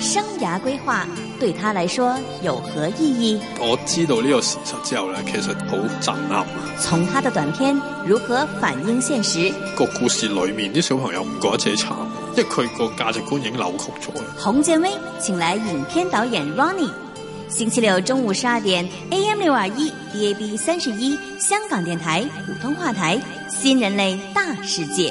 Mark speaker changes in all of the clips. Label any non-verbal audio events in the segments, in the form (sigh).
Speaker 1: 生涯規劃對他來說有何意義？
Speaker 2: 我知道呢個事實之後呢，其實好震撼。
Speaker 1: 從他的短片如何反映現實？
Speaker 2: 個故事裏面啲小朋友唔覺得自己慘，因為佢個價值觀已經扭曲咗。
Speaker 1: 洪建威，請來影片導演 Ronnie。星期六中午十二點，AM 六二一，DAB 三十一，香港電台普通話台，《新人類大世界》。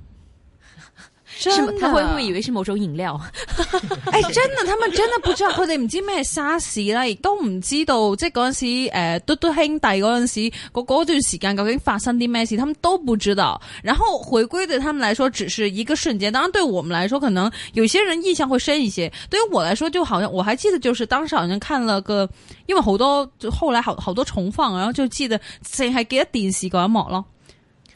Speaker 3: 真，佢會不會以為是某種飲料？ (laughs) 哎，真的，他們真的不知道，佢哋 (laughs) 不知咩 SARS 啦，亦都不知道，即係嗰陣時，誒、呃，都都興大嗰陣時，哥哥就死嘅，發 s u n d 他們都不知道。然後回歸對他們來說只是一個瞬間，當然對我們來說，可能有些人印象會深一些。對於我來說，就好像我還記得，就是當時好像看了個，因為好多就後來好好多重放，然後就記得淨係記得電視嗰一幕咯。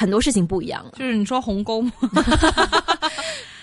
Speaker 3: 很多事情不一樣，就是你說鴻溝嗎？ (laughs)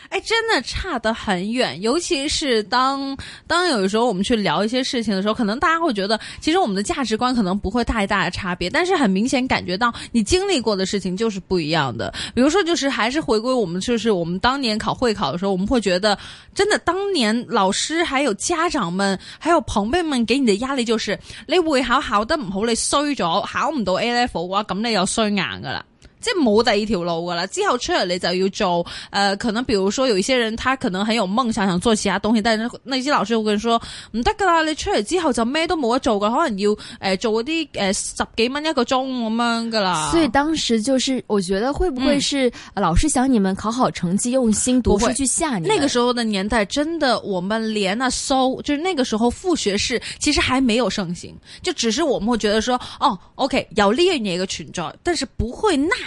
Speaker 3: 哎，真的差得很遠。尤其是當當有的時候，我們去聊一些事情的時候，可能大家會覺得，其實我們的價值觀可能不會太大的差別，但是很明顯感覺到你經歷過的事情就是不一樣的。比如說，就是還是回歸我們，就是我們當年考會考的時候，我們會覺得，真的當年老師還有家長們還有朋輩們給你的壓力就是，你會考考得唔好，你衰咗，考唔到 A level 嘅話，咁你又衰硬噶啦。即係冇第二條路噶啦，之後出嚟你就要做，誒、呃，可能，比如說，有一些人，他可能很有夢想，想做其他東西，但係那些老師會跟他說唔得噶啦，你出嚟之後就咩都冇得做噶，可能要誒做嗰啲誒十幾蚊一個鐘咁樣噶啦。所以
Speaker 4: 當時就是，我覺得會不會是、嗯、老師想你們考好成績，用心讀書，會去嚇你。那個
Speaker 3: 時候的年代，真的，我們連啊搜，就是那個時候复學士其實還沒有盛行，就只是我們會覺得說，哦，OK，要練一個存在，但是不會那。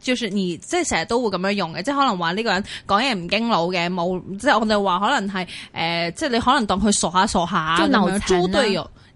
Speaker 3: 就算而即係成日都會咁樣用嘅，即係可能話呢個人講嘢唔經腦嘅，冇，即係我哋話可能係誒、呃，即係你可能當佢傻下傻下咁，啊、樣豬隊友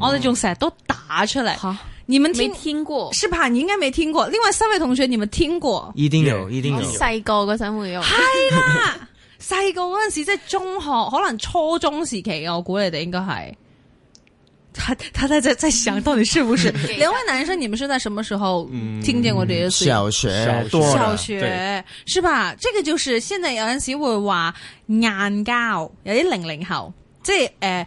Speaker 3: 我哋仲成日都打出來，你們沒聽過，是吧？你應該沒聽過。另外三位同學，你們聽過？
Speaker 5: 一定有，一定有。細
Speaker 3: 個嗰陣會有，係啦。細個嗰陣時即係中學，可能初中時期嘅，我估你哋應該係。他他在在在想到底是不是？兩位男生，你們是在什麼時候聽見過這些？小學，小學，是吧？這個就是現在有陣時會話硬膠，有啲零零後，即係誒。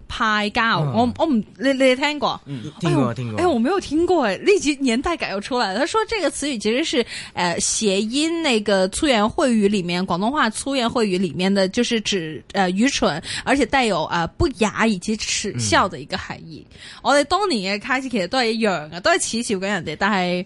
Speaker 3: 派膠、嗯，我我唔你你聽過？嗯、聽過、
Speaker 5: 哎、呦聽過。哎，我
Speaker 3: 沒有聽過誒，呢年代感又出來了他說這個詞語其實是誒、呃、諧音，那個粗言穢語裡面，廣東話粗言穢語裡面的就是指誒、呃、愚蠢，而且帶有啊、呃、不雅以及恥笑的一個含義。嗯、我哋當年嘅開始其實都係一樣嘅，都係恥笑緊人哋，但係。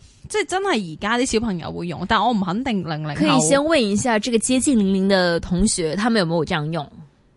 Speaker 3: 即係真係而家啲小朋友會用，但我唔肯定零零。可以先問一下這個接近零零的同學，他們有冇有這樣用？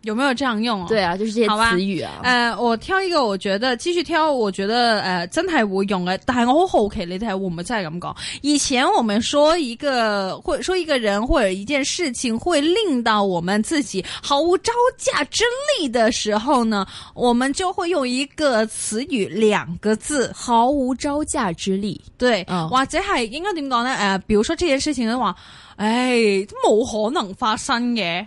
Speaker 3: 有沒有這樣用啊？對啊，就是這些詞語啊。呃，我挑一個，我覺得繼續挑，我覺得呃，真還會用啊。但係我好好奇，你睇下我哋真係咁講？以前我們說一個，或者說一個人或者一件事情，會令到我們自己毫無招架之力的時候呢，我們就會用一個詞語，兩個字，毫無招架之力。對，或者係應該點講呢？呃，比如說這件事情的話，唉、哎，都冇可能發生嘅。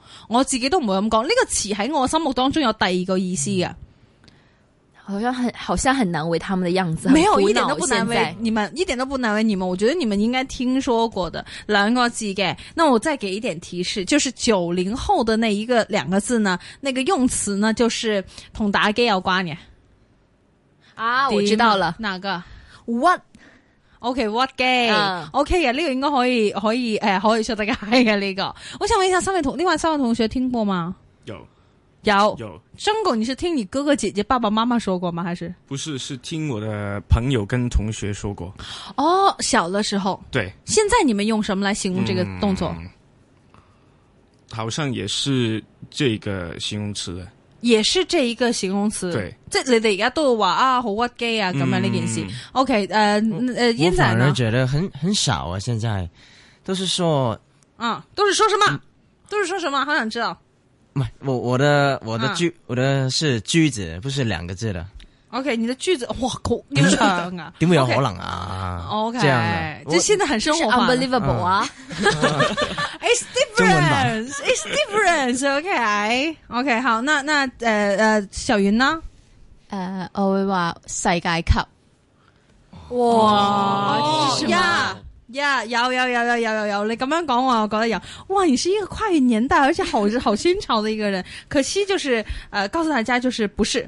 Speaker 3: 我自己都唔會咁講，呢、這個詞喺我心目當中有第二個意思嘅、啊，好像很好像很難為他們的樣子，沒有鬧一點都不難為你們，在你們，一點都不難為你們，我覺得你們應該聽說過的，兩個字嘅，那我再給一點提示，就是九零後的那一個兩個字呢，那個用詞呢，就是同打機有關嘅
Speaker 6: 啊，點我知道了，
Speaker 3: 哪個？What？OK，what game？OK 嘅，呢個應該可以，可以，誒、uh,，可以出世界嘅呢個。我想問一下三位同另外三位同學聽過嗎？有，有，有。生過，你是聽你哥哥、姐姐、爸爸媽媽說過嗎？還是？
Speaker 5: 不是，是聽我的朋友跟同學說過。
Speaker 3: 哦，oh, 小的時候。對。現在你們用什麼來形容這個動作？嗯，
Speaker 5: 好像也是這個形容詞的。
Speaker 3: 也是這一個形容詞，即對這你哋而家都會話啊好屈機啊咁樣呢件事。嗯、o、okay, K，呃，我呃，英仔呢？我反而覺
Speaker 5: 得很很少啊，現在都是說，啊，
Speaker 3: 都是說什麼？嗯、都是說什麼？好想知道。
Speaker 5: 唔，我的我的我的句，我的是句子，啊，不是兩個字的。
Speaker 3: O、okay, K，你的句子哇好正啊？點會有可能
Speaker 5: 啊？O K，即係
Speaker 3: 現在很生活化，unbelievable 啊！It's different, it's different。O K，O K，好，那那呃誒、呃，小云呢？呃、uh, 我會話世界級。哇！Yeah，Yeah，有有有有有有有，哦、你咁樣講話，我又覺得有。哇！你係一個跨越年代，而且好好新潮的一個人， (laughs) 可惜就是，誒、呃，告訴大家就是不是。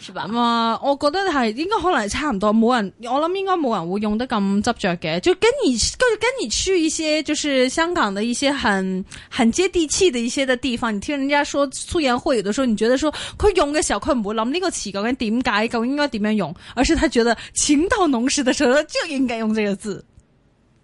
Speaker 3: 是吧？我覺得係應該可能差唔多，冇人我諗應該冇人會用得咁執着嘅，就跟你，就跟你去一些就是香港的一些很很接地氣的一些的地方，你聽人家說素言會有的時候，你覺得說，佢用嘅時候，佢唔會諗呢個詞究竟點解，究竟應該點樣用，而是他覺得情到濃時的時候，就應該用這個字。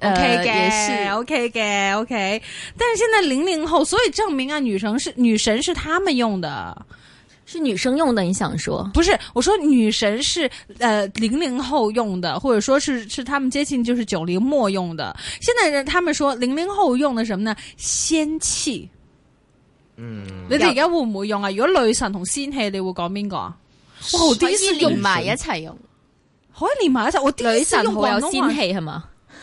Speaker 3: OK，嘅、呃、OK，嘅 OK。但是現在零零後，所以證明啊，女神是女神是他們用的，是女生用的。你想說不是？我說女神是呃零零後用的，或者說是是他們接近就是九零末用的。現在人他們說零零後用的什麼呢？仙氣。嗯，你哋而家會唔會用啊？如果女神同仙氣，你會講邊個啊？哇是，好啲連埋一齊用，可以連埋一齊。我第一次用好有仙氣，係嘛？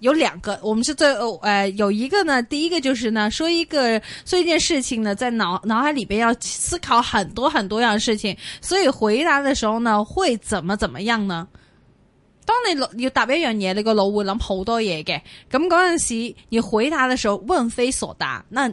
Speaker 3: 有兩個，我們是最後呃，有一個呢。第一個就是呢，說一個說一件事情呢，在腦腦海裏邊要思考很多很多樣的事情，所以回答的時候呢，會怎麼怎麼樣呢？當你要答別樣嘢，你，你個腦會諗好多嘢嘅，咁嗰陣時你回答的時候問非所答，那。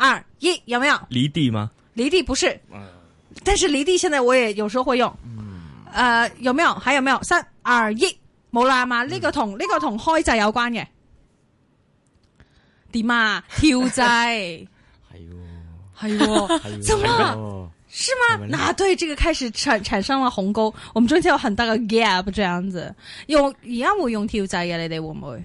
Speaker 3: 二一有沒有離地嗎？離地不是，但是離地現在我也有時候會用。呃，有沒有？還有沒有？三二一，冇啦嘛！呢個同呢個同開制有關嘅。點啊？跳制？係喎，係喎，怎麼是嗎？啊，對，這個開始產產生了鴻溝，我們中間有很大個 gap 這樣子。用一樣會用跳制嘅，你哋會唔會？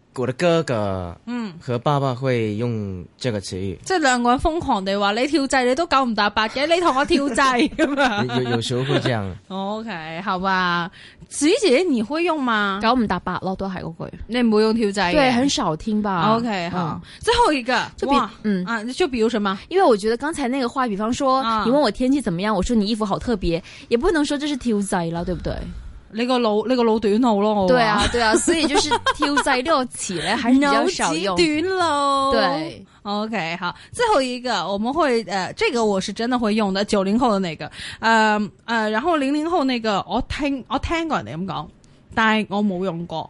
Speaker 5: 我的哥哥嗯和爸爸會用這個詞語，
Speaker 3: 即兩、嗯、個人瘋狂地話，你跳掣你都九唔搭八嘅， (laughs) 你同我跳掣咁 (laughs)
Speaker 5: 有有時候會這樣。
Speaker 3: OK，好吧，子怡姐姐你會用嗎？九唔搭八咯，都係嗰句。你唔會用跳掣，對，很
Speaker 4: 少聽吧？OK，、嗯、好，
Speaker 3: 最後一個就比哇嗯啊，就比如什麼？因為我覺得剛才
Speaker 4: 那個話，比方說、啊、你問我天氣怎麼樣，我說你衣服好特別，也不能說這是跳掣了，對不
Speaker 3: 對？你個腦你、這個腦短路咯，對啊對啊，對啊 (laughs) 所以就是跳掣呢個詞咧，還是比較少用。 (laughs) 短路，對，OK，好，最後一個我們會，誒、呃，這個我是真的會用的，九零後的那個，嗯、呃，呃，然後零零後那個我聽我聽過人哋咁講，但係我冇用過。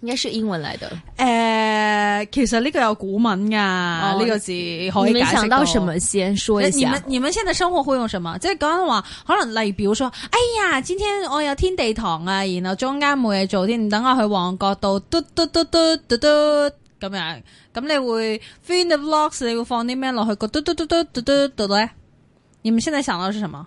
Speaker 3: 應該是英文來的。誒，其實呢個有古文啊，呢個字可以解釋到什麼？先說一下，你們你們現在生活會用什麼？即係講話可能例如比如說，哎呀，今天我有天地堂啊，然後中間冇嘢做，添等我去旺角度，嘟嘟嘟嘟嘟嘟咁樣，咁你會 fill the vlogs，你會放啲咩落去個嘟嘟嘟嘟嘟嘟嘟咧？你們現在想到是什麼？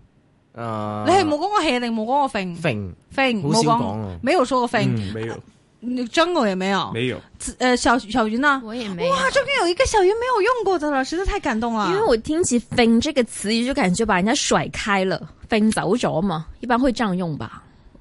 Speaker 3: 誒，你係冇講過棄定冇講
Speaker 5: 過甩甩，冇講啊，沒有說過甩，啊嗯，沒
Speaker 3: 有，你爭過有冇啊？沒有，誒有、呃，小小魚啦，啊，我也沒有。哇，終於有一個小魚沒有用過的了，實在太感動了。因為我聽起甩這個詞，就感覺把人家甩開了，
Speaker 4: 甩走咗嘛，一般會這樣用吧。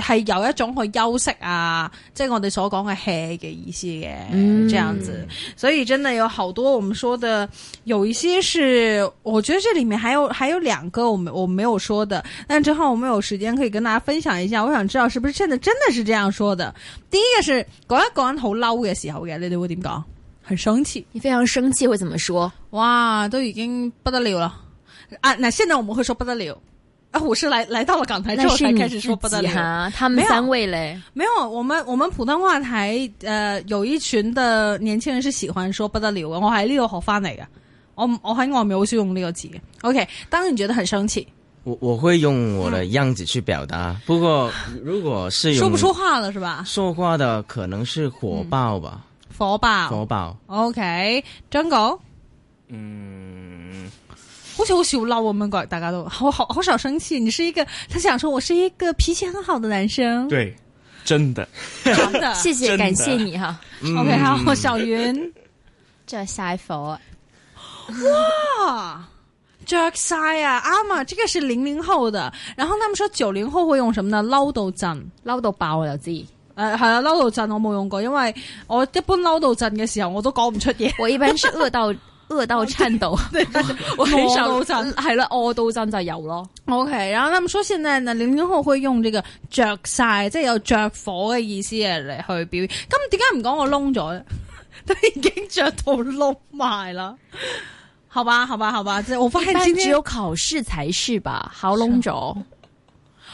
Speaker 3: 係有一種去休息啊，即係我哋所講嘅 hea 嘅意思嘅，嗯、這樣子。所以真的有好多，我們說的，有一些是，我覺得這裏面還有還有兩個我，我們我沒有說的，但之後我們有時間可以跟大家分享一下。我想知道，是不是現在真的是這樣說的？第一個是，講一講好嬲嘅時候嘅，你哋會點講？很生氣，你非常生氣會怎麼說？哇，都已經不得了啦！啊，嗱現在我們會說不得了。啊、我是來來到了港台之後才開始說不得了、啊，他們三位嘞，沒有，沒有我們我們普通話台呃有一群的年輕人是喜歡說不得了的，我喺呢度學翻嚟嘅，我我喺外面好少用呢個字。OK，當你覺得很生氣，
Speaker 5: 我我會用我的樣子去表達。嗯、不過如果是說不出
Speaker 3: 話了是吧？
Speaker 5: 說話的可能是火爆吧，
Speaker 3: 火爆火爆。OK，張狗，嗯。我喜我喜撈我們廣大家都好好好少生氣，你是一個他想說我是一個脾氣很好的男生，
Speaker 5: 對，真的
Speaker 3: (laughs) 真的，謝謝的感謝你哈。嗯、OK 哈，小雲着晒火， (laughs) 這哇着晒 (laughs) 啊阿媽、啊，這個是零零後的。然後他們說九零後會用什麼呢？撈到震，撈到爆我就知。自己呃，好了，撈到震我冇用過，因為我一般撈到震嘅時候我都講唔出嘢。我一般是餓到。 (laughs) 餓到顫抖，我餓到震係啦，餓到震就有咯。OK，然後他們說現在呢，零零後會用這個着晒，即係有着火嘅意思嚟去表演。咁點解唔講我窿咗咧？ (laughs) 都已經着到窿埋啦， (laughs) 好吧，好吧，好吧。即 (laughs) 我發現今天只有考試才是吧，考窿咗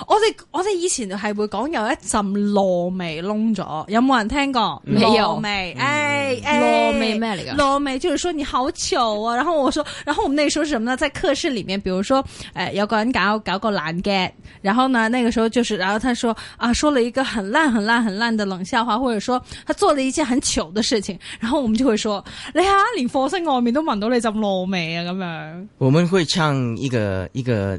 Speaker 3: 我哋我哋以前係會講有一陣糯米燶咗，有冇有人聽過？糯米、嗯，哎米，糯米咩嚟噶？糯米米、欸、就是說你好醜啊！ (laughs) 然後我說，然後我們那時候是什麼呢？在課室裏面，比如說，誒、呃，有個人搞搞個爛 gag，然後呢，那個時候就是，然後他說啊，說了一個很爛、很爛、很爛的冷笑話，或者說他做了一件很糗的事情，然後我們就會說，你阿，連課室外面都聞到你陣糯米啊，咁樣。
Speaker 5: 我們會唱一個一個。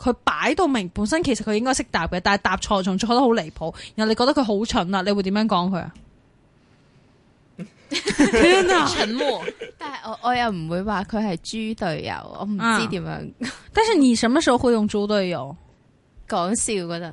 Speaker 3: 佢擺到明本身其實佢應該識答嘅，但係答錯，仲錯得好離譜。然後你覺得佢好蠢啦、啊，你會點樣講佢啊？
Speaker 6: 天啊！沉默，但係我我又唔會話
Speaker 3: 佢係豬隊友，我唔知點樣、啊。 (laughs) 但是你什麼時候會用豬隊友？講笑嗰陣。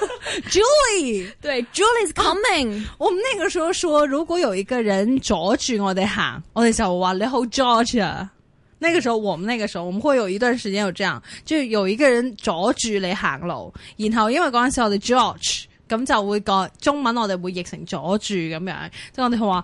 Speaker 3: Julie， (laughs) 對，Julie is coming。我們那個時候說，如果有一個人阻住我哋行，我哋就會話你好，George。啊。那個時候，我們那個時候，我們會有一段時間有這樣，就有一個人阻住你行路，然後因為嗰陣時我哋 George，咁就會講中文我哋會譯成阻住咁樣，即係我哋會話。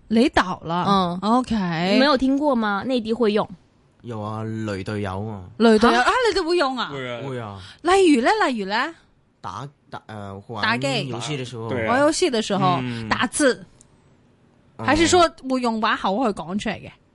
Speaker 3: 你倒啦，嗯，OK，你沒有
Speaker 4: 聽過嗎？內地
Speaker 3: 會用，
Speaker 5: 有啊，雷隊友啊，雷隊友啊，啊，你哋會用啊？會啊，會啊，
Speaker 3: 例如咧，例如咧，
Speaker 5: 打、呃、玩打誒機，打遊戲嘅時候，啊、玩遊戲嘅時候、嗯、打字，還是說
Speaker 3: 會用把口去講出嚟嘅？嗯嗯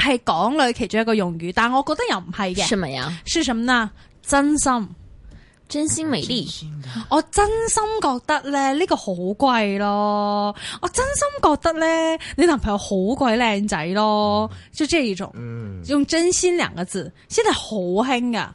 Speaker 3: 係港女其中一個用語，但係我覺得又唔係嘅。係咪呀？是什麼呢？真心，真心美麗。
Speaker 4: 真
Speaker 3: 我真心覺得咧，呢個好貴咯。我真心覺得咧，你男朋友好鬼靚仔咯。即係用，嗯、用真心兩個字，先係好興噶。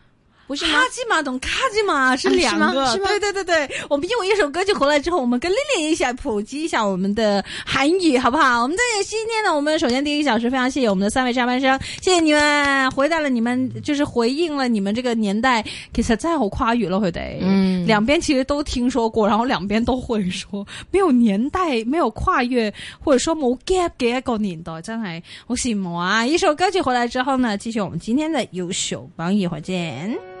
Speaker 3: 不是卡吉馬，懂卡吉馬是兩個，是嗎？是嗎？對對對對。我們用一首歌曲回來之後，我們跟麗麗一起來普及一下我們的韓語，好不好？我們在今天呢，我們首先第一個小時非常謝謝我們的三位上班生，謝謝你們回答了你們，就是回應了你們這個年代，其實再好跨語了會得。嗯，兩邊其實都聽說過，然後兩邊都會說，沒有年代，沒有跨越，或者說某 gap 嘅嗰年代真係好似冇啊。一首歌曲回來之後呢，繼續我們今天的優秀榜，一會兒見。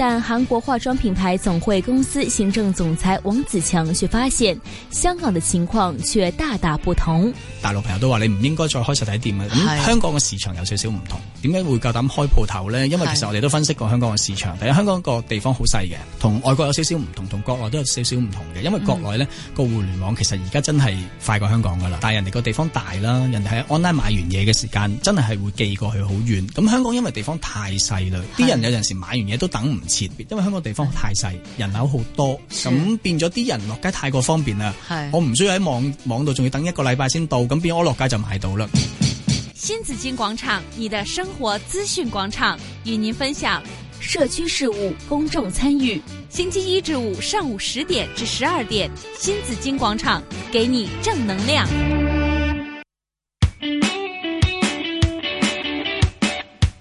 Speaker 4: 但韓國化妝品牌總會公司行政總裁王子強卻發現，香港的情況卻大大不同。
Speaker 2: 大陸朋友都話你唔應該再開實體店啊，咁是、嗯、香港嘅市場有少少唔同。點解會夠膽開鋪頭呢？因為其實我哋都分析過香港嘅市場。第一，香港個地方好細嘅，同外國有少少唔同，同國內都有少少唔同嘅。因為國內呢、嗯、個互聯網其實而家真係快過香港噶啦。但係人哋個地方大啦，人哋喺 online 買完嘢嘅時間真係係會寄過去好遠。咁香港因為地方太細啦，啲是人有陣時買完嘢都等唔。前，因為香港地方太細，人口好多，咁是變咗啲人落街太過方便啦。是我唔需要喺網網度，仲要等一個禮拜先到，咁變我落街就買到啦。
Speaker 4: 新紫荊廣場，你的生活資訊廣場，與您分享社區事務，公眾參與。星期一至五上午十點至十二點，新紫荊廣場給你正能量。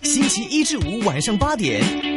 Speaker 2: 星期一至五晚上八點。